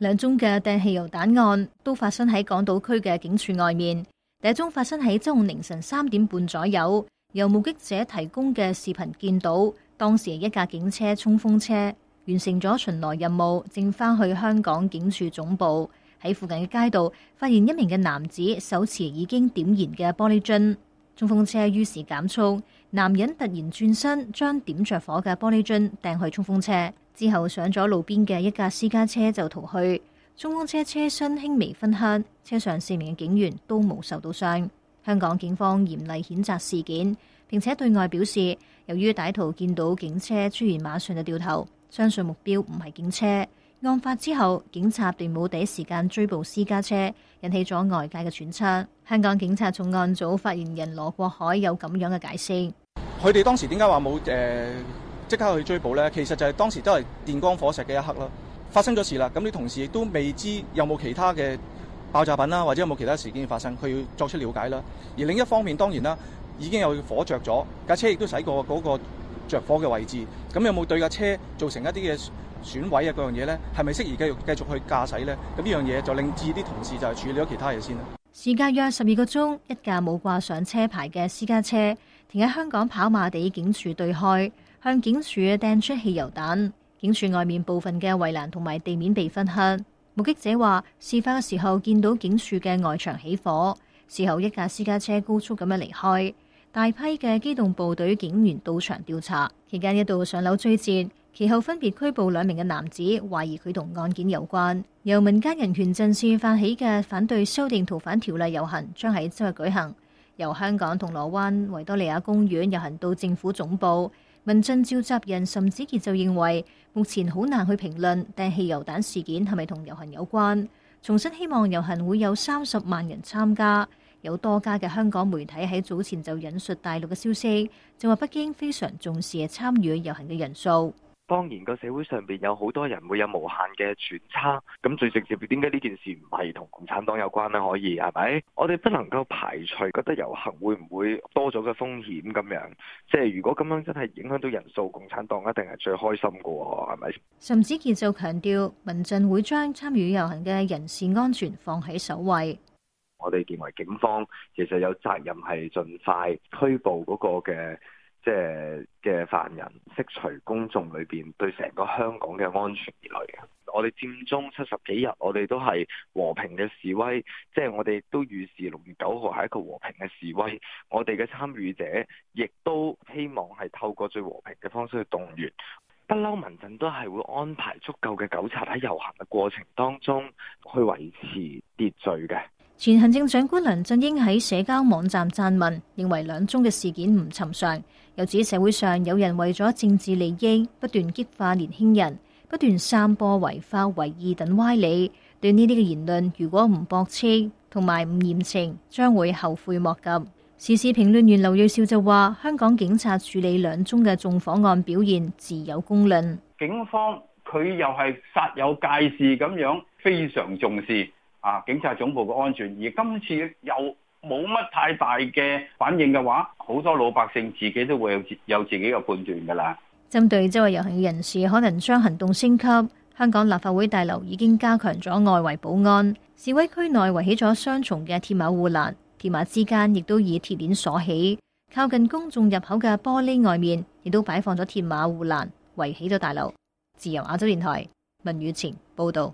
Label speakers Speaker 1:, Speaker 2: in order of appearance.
Speaker 1: 兩宗嘅掟汽油彈案都發生喺港島區嘅警署外面。第一宗發生喺週五凌晨三點半左右，由目擊者提供嘅視頻見到，當時一架警車衝鋒車完成咗巡邏任務，正翻去香港警署總部。喺附近嘅街道，發現一名嘅男子手持已經點燃嘅玻璃樽，衝鋒車於是減速，男人突然轉身，將點着火嘅玻璃樽掟去衝鋒車。之後上咗路邊嘅一架私家車就逃去，中邦車車身輕微分香，車上四名嘅警員都冇受到傷。香港警方嚴厲譴責事件，並且對外表示，由於歹徒見到警車，居然馬上就掉頭，相信目標唔係警車。案發之後，警察並冇第一時間追捕私家車，引起咗外界嘅揣測。香港警察重案組發言人羅國海有咁樣嘅解釋：
Speaker 2: 佢哋當時點解話冇誒？即刻去追捕呢，其實就係當時都係電光火石嘅一刻咯。發生咗事啦，咁啲同事亦都未知有冇其他嘅爆炸品啦，或者有冇其他事件發生，佢要作出了解啦。而另一方面，當然啦，已經有火着咗架車，亦都駛過嗰個著火嘅位置。咁有冇對架車造成一啲嘅損毀啊？嗰樣嘢呢，係咪適宜繼續繼續去駕駛呢？咁呢樣嘢就令至啲同事就係處理咗其他嘢先啦。
Speaker 1: 時間約十二個鐘，一架冇掛上車牌嘅私家車停喺香港跑馬地警署對開。向警署掟出汽油彈，警署外面部分嘅圍欄同埋地面被分黑，目擊者話，事發嘅時候見到警署嘅外牆起火，事後一架私家車高速咁樣離開。大批嘅機動部隊警員到場調查，期間一度上樓追截，其後分別拘捕兩名嘅男子，懷疑佢同案件有關。由民間人權陣線發起嘅反對修訂逃犯條例遊行，將喺周日舉行，由香港銅鑼灣維多利亞公園遊行到政府總部。民陣召集人岑子傑就認為，目前好難去評論掟汽油彈事件係咪同遊行有關。重申希望遊行會有三十萬人參加。有多家嘅香港媒體喺早前就引述大陸嘅消息，就話北京非常重視嘅參與遊行嘅人數。
Speaker 3: 當然，個社會上邊有好多人會有無限嘅揣測。咁最直接，點解呢件事唔係同共產黨有關呢？可以係咪？我哋不能夠排除覺得遊行會唔會多咗嘅風險咁樣。即係如果咁樣真係影響到人數，共產黨一定係最開心嘅喎，係咪？
Speaker 1: 岑子傑就強調，民陣會將參與遊行嘅人士安全放喺首位。
Speaker 3: 我哋認為警方其實有責任係盡快拘捕嗰個嘅。即係嘅犯人釋除公眾裏邊對成個香港嘅安全疑慮嘅。我哋佔中七十幾日，我哋都係和平嘅示威，即係我哋都預示六月九號係一個和平嘅示威，我哋嘅參與者亦都希望係透過最和平嘅方式去動員，不嬲民陣都係會安排足夠嘅糾察喺遊行嘅過程當中去維持秩序嘅。
Speaker 1: 前行政長官梁振英喺社交網站撰文，認為兩宗嘅事件唔尋常，又指社會上有人為咗政治利益不斷激化年輕人，不斷散播違法違意等歪理。對呢啲嘅言論，如果唔駁斥同埋唔嚴懲，將會後悔莫及。時事評論員劉瑞兆就話，香港警察處理兩宗嘅縱火案表現自有公論。
Speaker 3: 警方佢又係煞有介事咁樣，非常重視。啊！警察總部嘅安全，而今次又冇乜太大嘅反應嘅話，好多老百姓自己都會有自有自己嘅判斷㗎啦。
Speaker 1: 針對周圍遊行嘅人士可能將行動升級，香港立法會大樓已經加強咗外圍保安，示威區內圍起咗雙重嘅鐵馬護欄，鐵馬之間亦都以鐵鏈鎖起。靠近公眾入口嘅玻璃外面亦都擺放咗鐵馬護欄，圍起咗大樓。自由亞洲電台文宇前報道。